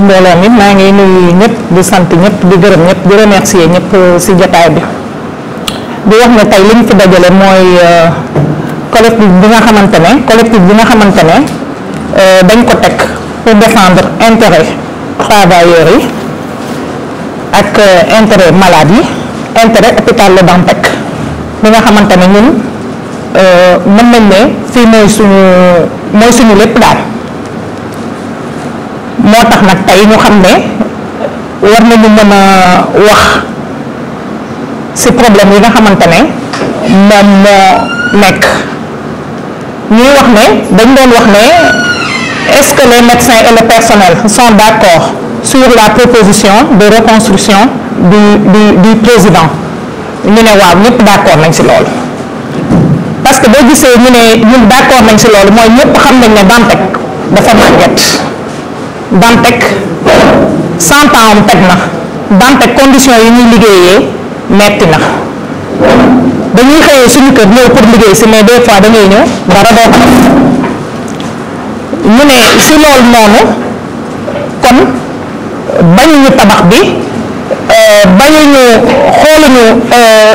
mbooloo ma ngi nuyu ñëpp di sant ñëpp di gërëm ñëpp di remercier ñep si jotaay bi di wax ne tay liñ fi dajale mooy euh, collectif bi nga xamantene collectif bi nga xamantene euh dañ ko tek pour défendre intérêt travailleurs yi ak euh, intérêt malade yi intérêt hôpital Le bampek bi nga xamantene ñun euh mën nañ ne fi moy suñu moy suñu lepp daal moo tax nag tey ñu xam ne war nañu mën a wax ci problème yi nga xamante ne moom moo nekk ñuy wax ne dañ doon wax ne est-ce que les médecins et le personnel sont d'accord sur la proposition de reconstruction du du du président ñu ne waaw ñëpp d'accord nañ ci loolu parce que boo gisee ñu ne ñun d'accord nañ ci loolu mooy ñëpp xam nañ ne Dantec dafa màgget dantek cent ans am teg na Dantec condition yi ñuy liggéeyee metti na dañuy xëyee suñu kër ñëw pour liggéey si mais des fois dangay ñëw dara doo ko mu ne si loolu noonu kon bañuñu tabax bi euh, bañuñu xooluñu euh,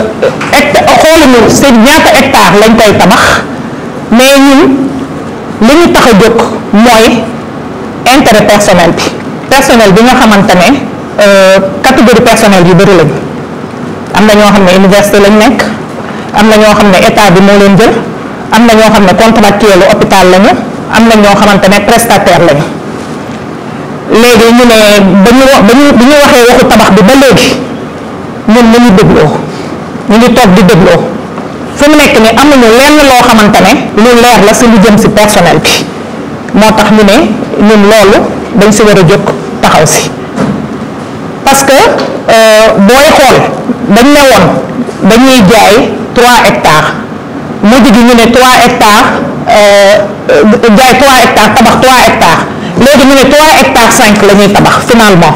hecta xooluñu si ñaata hectare lañ koy tabax mais ñun li ñu jóg mooy intérêt personnel bi personnel bi nga xamante ne euh, catégorie personnel yu bëri lañu am na ñoo xam ne université lañ nekk am na ñoo xam ne état bi moo leen jël am na ñoo xam ne contractuel hôpital lañu am na ñoo xamante ne prestataire lañu léegi ñu ne ba ñu ba ñu waxee waxu tabax bi ba léegi ñun ñu ngi dégloo ñu ngi toog di dégloo fu mu nekk ni amuñu lenn loo xamante ne lu leer la si lu jëm si personnel bi motax ñu né ñun loolu dañ ci wara jokk taxaw si parce que euh boy xol dañ ne won dañuy jaay 3 hectares mo gi ñu né 3 hectares euh jaay 3 hectares tabax 3 hectares légui ñu né 3 hectares 5 lañuy tabax finalement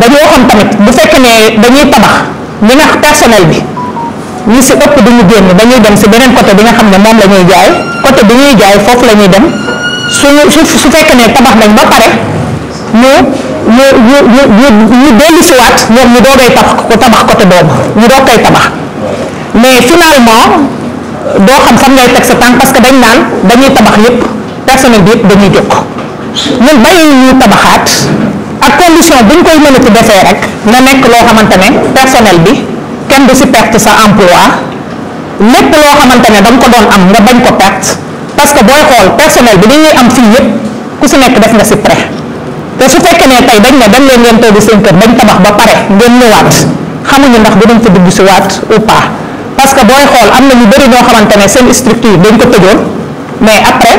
dañu waxoon tamit bu fekk né dañuy tabax ñu nak personnel bi ñu ci ëpp duñu gën dañuy dem ci benen côté bi nga xam ne moom la jaay côté bi ñuy jaay fofu lañuy dem suñu su su fekkee ne tabax nañ ba pare ñu ñu ñu ñu ñu ñu dellu si waat ñoom ñu doogay tabax ko tabax côté boobu ñu doog koy tabax mais finalement doo xam fan ngay teg sa tànk parce que dañ naan dañuy tabax yëpp personnel bi yëpp dañuy jóg ñun bàyyi ñu tabaxaat ak condition bu ñu koy mën a ci defee rek nga nekk loo xamante ne personnel bi kenn du si perte sa emploi lépp loo xamante ne da ko doon am nga bañ ko perte. parce que booy xool personnel bi dañuy am fii yëpp ku si nekk def nga si prêt te su fekkee ne tey dañ ne dañ leen ngeen tëdd seen kër dañ tabax ba pare ngeen ñëwaat xamuñu ndax dinañ fa dugg si waat ou pas parce que booy xool am na ñu bëri ñoo xamante ne seen structure dañ ko tëjoon mais après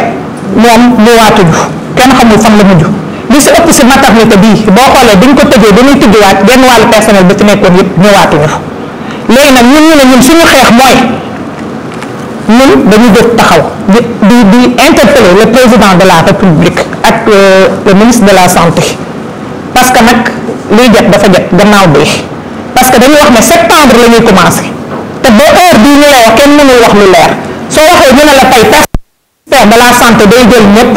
moom ñëwaatuñu kenn xamul fan la mujj li si ëpp si maternité bii boo xoolee bi ñu ko tëjee dañuy tijjiwaat genn wàllu personnel bi fi nekkoon yëpp ñëwaatuñu léegi nag ñun ñu ne ñun suñu ñun dañu jóg taxaw di di di interpeller le président de la république ak euh, le ministre de la santé parce que nag liy jot dafa jot gannaaw bi parce que dañuy wax na septembre la ñuy te ba heure bii ñu kenn mënul wax leer soo waxee ñu ne la tey ministère de la santé day jël ñëpp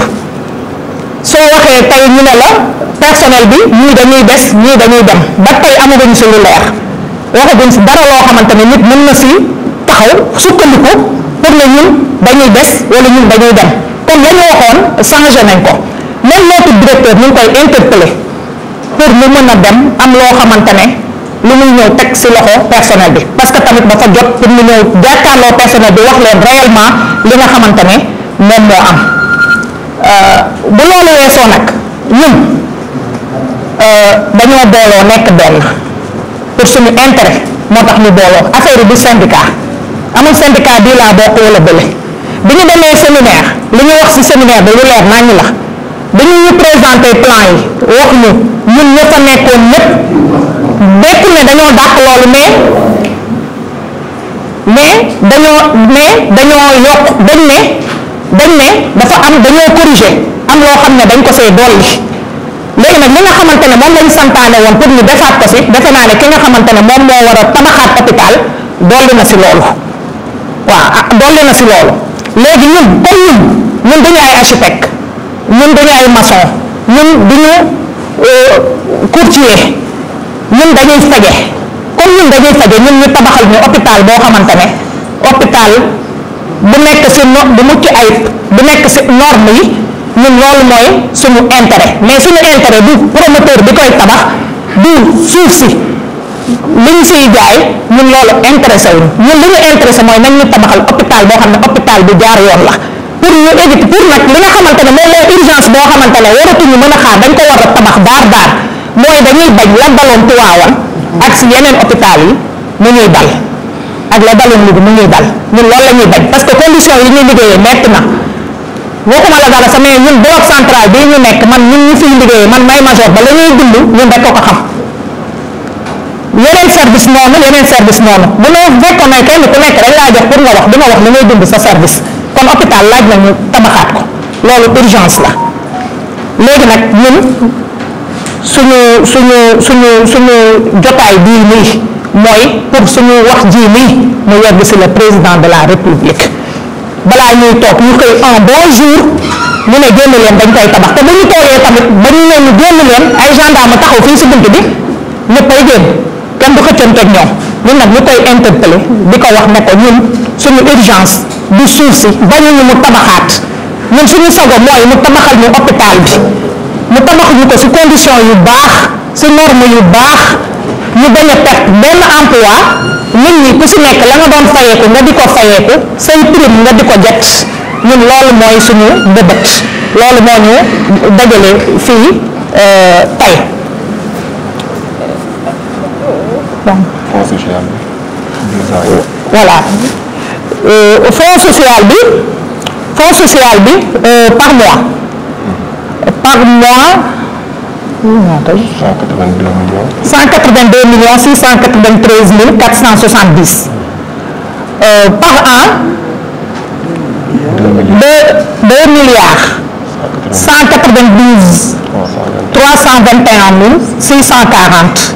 soo ñu ne la personnel bi ñii dañuy des ñii dañuy dem ba tey amaguñ si lu leer waxaguñ si dara loo xamante ne nit mën na si taxaw sukkandiku. pour ne ñun dañuy des wala ñun dañuy dem kon la ñu waxoon changé nañ ko moom notre directeur ñu ngi koy interpellé pour mu mën a dem am loo xamante ne lu muy ñëw teg si loxo personnel bi parce que tamit dafa jot pour mu ñëw jàkkaarloo personnel bi wax leen réellement li nga xamante ne moom moo am euh, bu loolu weesoo nag ñun euh, dañoo booloo nekk benn pour suñu intérêt moo tax ñu booloo affaire yi du amul syndicat bii laa bokk wala bële bi ñu demee séminaire li ñu wax ci séminaire bi lu leer naa ñu la dañu ñu présenté plan yi wax ñu ñun ñëpp a nekkoon ñëpp bépp ne dañoo dàq loolu mais mais dañoo mais dañoo yokk dañ ne dañ ne dafa am dañoo corriger am loo xam ne dañ ko see dolli léegi nag li nga xamante ne moom lañ santaane woon pour ñu defaat ko si defe naa ne ki nga xamante ne moom moo war a tabaxaat hôpital na si loolu waaw ah dolli na si loolu léegi ñun comme ñun ñun dañu ay architecte ñun dañu ay maçon ñun duñu euh, courtier ñun dañuy faje comme ñun dañuy faje ñun ñu tabaxal ñu hôpital boo xamante ne hôpital bu nekk si no bu mucc ay bu nekk si norme yi ñun loolu mooy suñu intérêt mais suñu intérêt du promoteur bi koy tabax du suuf si li ñu fiy jaay ñun loolu intéressé wuñ ñun li ñu intéressé mooy nañ ñu tabaxal hôpital boo xam ne hôpital bu jaar yoon la pour ñu éviter pour nag li nga xamante ne mooy mooy urgence boo xamante ne waratuñu mën a xaar a tabax daar daar mooy dañuy bañ la daloon Tiwaawan ak si yeneen hôpital yi mu ñuy dal ak la daloon Louga mu ñuy dal ñun loolu la bañ parce que condition yi ñuy liggéeyee metti na waxuma la dara sa mais ñun bloc central bii ñu nekk man ñun ñu fiy liggéeyee man may major ba ñuy dund ñun rek ko ko xam yeneen service noonu yeneen service noonu bu la fekkoon ne kenn ku nekk dañ laa jox pour nga wax di nga wax li ngay dund sa service kon hôpital laaj na ñu tabaxaat ko loolu la léegi nag ñun suñu suñu suñu suñu jotaay bii nii mooy pour suñu wax jii nii mu yegg si le président de la république balaa ñuy toog ñu koy un bon jour mu ne génn leen dañ koy tabax te bu ñu toogee tamit ba ñu leen génn leen ay gendarme taxaw fii si bunt bi ñëppay génn kenn du xëccanteeg ñoom ñun nag ñu koy interpellé di ko wax ne ko ñun suñu urgence du suuf bañuñu mu tabaxaat ñun suñu sago mooy mu tabaxal ñu hôpital bi mu tabax ñu ko si condition yu baax si norme yu baax ñu bañ a perte benn emploi nit ñi ku si nekk la nga doon fayeeku nga di ko fayeeku say prime nga di ko jot ñun loolu mooy suñu bëbët loolu moo ñu dajale fii euh, tey Euh, fonds social. Voilà. fonds social, Fonds social, euh, par mois. Par mois. 182 millions 693 470 euh, par an 2 milliards, 2 192 321 640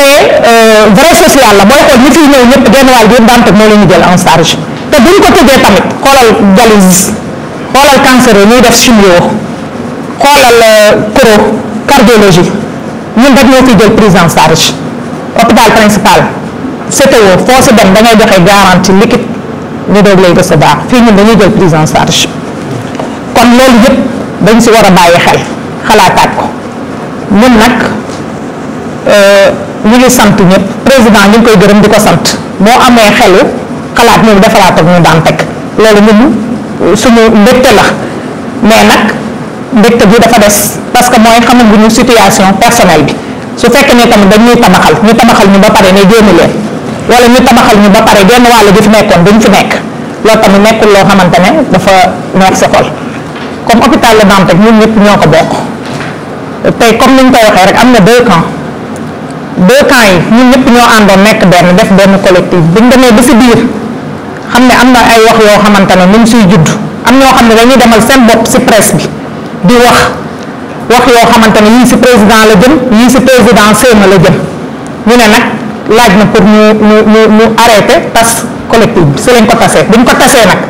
mais euh, vrai social la booy xool ñi fiy ñëw ñëpp genn wàll bi yëpp daanaka moo leen ñu jël en charge te bu ñu ko tëjee tamit xoolal dialyse xoolal cancer ñuy def chimio xoolal euh, coro cardiologie ñun rek ñoo fiy jël prise en charge hôpital principal CTO foo si dem da ngay joxe garantie liquide ñu doog lay recevoir fii ñun dañuy jël prise en charge kon loolu yëpp dañ si war a bàyyi xel xalaataat ko ñun nag. Euh, ñu ngi sant ñëpp président ñu ngi koy gërëm di ko sant boo amee xelu xalaat ñoom defaraat ak ñu daan teg loolu ñun suñu mbégte la mais nag mbégte bi dafa des parce que mooy xamaguñu situation personnelle bi su fekkee ne tamit dañuy tamaxal ñu tamaxal ñu ba pare ne génn leen wala ñu tamaxal ñu ba pare genn wàll gi fi nekkoon duñ fi nekk loolu tamit nekkul loo xamante ne dafa neex sa xol comme hôpital Le Dantec ñun ñëpp ñoo ko bokk tey comme ni ko waxee am na deux camps. de camps yi ñun ñëpp ñoo àndoon nekk benn def benn collectif buñ demee ba si biir xam ne am na ay wax yoo xamante ne ñu suy judd am ñoo xam ne dañuy demal seen bopp si presse bi di wax wax yoo xamante ne yii si président la jëm yii si président Seyma la jëm ñu ne nag laaj na pour ñu ñu ñu ñu arrêté tas collectif bi si lañ ko tasee buñ ko tasee nag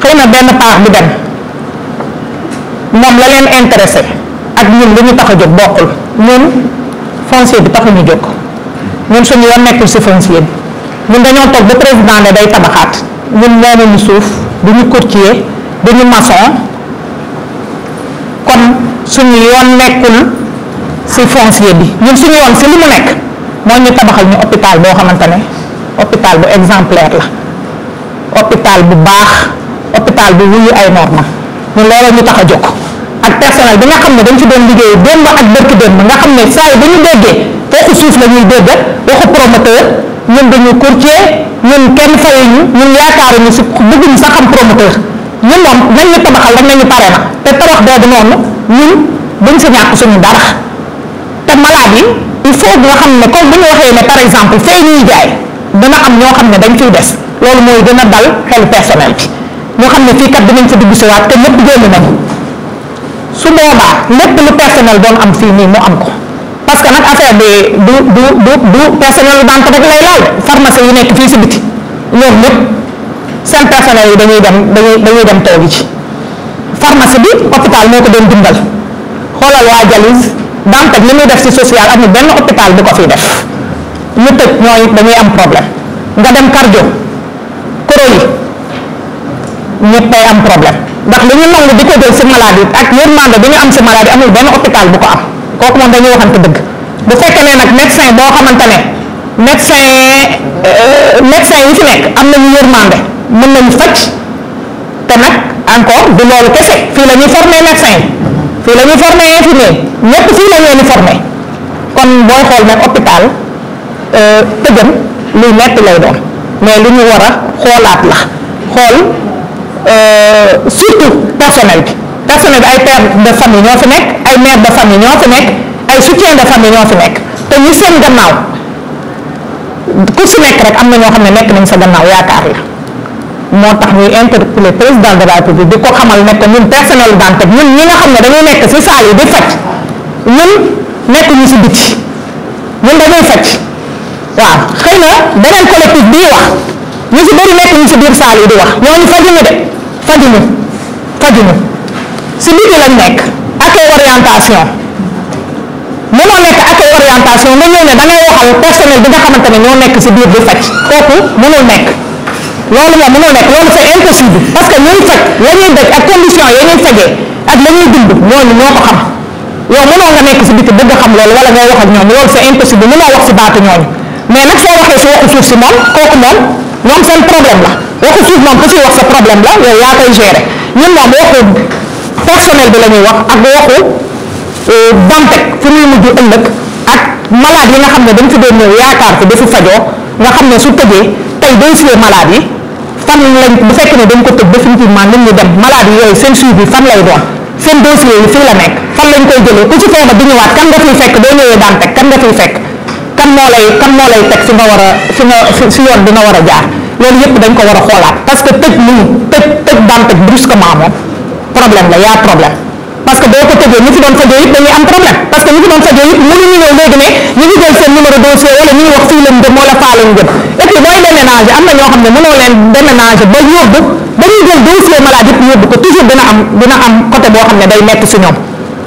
xëy na benn paax bi dem moom la leen intéressé ak ñun li ñu tax a jóg bokkul ñun foncier bi taxuñu jóg ñun suñu yoon nekkul si foncier bi ñun dañoo toog ba président ne day tabaxaat ñun moomuñu suuf du ñu courtier du ñu maçon kon suñu yoon nekkul si foncier bi ñun suñu yoon si li mu nekk mooy ñu tabaxal ñu hôpital boo xamante ne hôpital bu exemplaire la hôpital bu baax hôpital bu wuyu ay normes ñun loolu ñu tax a jóg. ak personnel bi nga xam ne dañ ci doon liggéey démb ak bërki démb nga xam ne saa yi dañu déggee waxu suuf la ñuy dégg waxu promoteur ñun dañu courtier ñun kenn fayuñu ñun yaakaaruñu si bëgguñu sax xam promoteur ñun moom nañ ñu tabaxal rek nañu pare na te tabax boobu noonu ñun dañ sa ñàkk suñu dara te malade yi il faut nga xam ne comme bu ñu waxee ne par exemple fay ñuy jaay dana am ñoo xam ne dañ fiy des loolu mooy dina dal xelu personnel bi ñoo xam ne fii kat dinañ fa dugg si waat te ñëpp génn nañu su boobaa lépp lu personnel doon am fii nii mu am ko parce que nag affaire bi du du du du personnel lu banque rek lay laal pharmacie yi nekk fii si biti ñoom ñëpp seen personnel yi dañuy dem dañuy dañuy dem toogi ci pharmacie bi hôpital moo ko doon dimbal xoolal waa jalis banque li muy def si social amul benn hôpital bu ko fiy def ñu tëj ñooy dañuy am problème nga dem cardio koro yi ñëpp am problème ndax li ñu nangu di ko jël si malade yi ak yërmande bi ñu am si malade amul benn hôpital bu ko am kooku moom dañuy waxante dëgg bu fekkee ne nag médecin boo xamante ne médecin euh, médecin yi fi nekk am nañu yërmande mën nañu faj te nag encore du loolu kese fii la ñuy former médecin fii la ñuy former infirmier ñëpp fii la ñuy former kon booy xool nag hôpital euh, tëjëm luy metti lay doon mais lu ñu war a xoolaat la xool. Euh, surtout personnel bi personnel bi ay père de famille ñoo fi nekk ay mère de famille ñoo fi nekk ay soutien de famille ñoo fi nekk te ñu seen gannaaw ku si nekk rek am na ñoo xam ne nekk nañ sa gannaaw yaakaar la moo tax ñuy interpeller président de la république di ko xamal ne ko ñun personnel Dantec ñun ñi nga xam ne dañuy nekk si saal yi di faj ñun nekk ñu si biti ñun dañuy faj waaw xëy na beneen collectif bii wax ñu si bëri nekk ñu si biir saal yi di wax ñooñu fajuñu de fajuñu fajuñu si biti nekk accueil orientation mënoo nekk accueil orientation nga ñëw ne da ngay waxal personnel bi nga xamante ne ñoo nekk si biir di faj kooku mënul nekk loolu moom mënul nekk loolu c'est impossible parce que ñuy faj la ñuy daj ak condition ya ñuy fajee ak la ñuy dund ñooñu ñoo si biti bëgg xam loolu wala ngay wax ak ñoom loolu c'est impossible mënoo wax si baatu si waxu kooku moom ñoom seen problème la waxu suuf moom ku ci wax sa problème la yow yaa koy gérer ñun moom waxu personnel bi la ñuy wax ak waxu Dantec euh, fu muy mujj ëllëg ak malade yi xam ne dañ fi doon ñëw yaakaar ko dafa fajoo nga xam ne su tëjee tey day suwe malade yi fan lañ bu fekkee ne dañ ko tëj définitivement nit ñi dem malade yooyu seen suivi fan lay doon seen dossier yi fii la nekk fan lañ koy jëlee ku ci feebar di ñëwaat kan nga fiy fekk doo ñëwee Dantec kan nga fiy fekk. kan moo lay kan moo lay teg fi nga a bi nga war a jaar loolu yëpp dañ ko war a xoolaat parce que tëj nii tëj tëj daan tëj brusquement moom problème la yaa problème parce boo ko tëjee ñu fi doon fajoo yëpp dañuy am problème parce que ñu fi doon fajoo seen numéro dossier wala ñu ngi wax wala faa lañ jëm et puis na ñoo xam ne mënoo leen déménager ba yóbbu ba ñuy jël dossier maladie yëpp yóbbu ko am dina am côté boo xam ne day metti si ñoom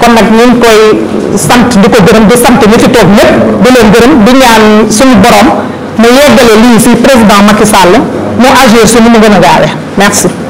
kon nag ñu ngi koy sant di ko gërëm di sant ñi fi toog ñëpp di leen gërëm di ñaan suñu borom mu yeggale lii si président Macky Sall mu agir suñu mu gën a gaawee merci.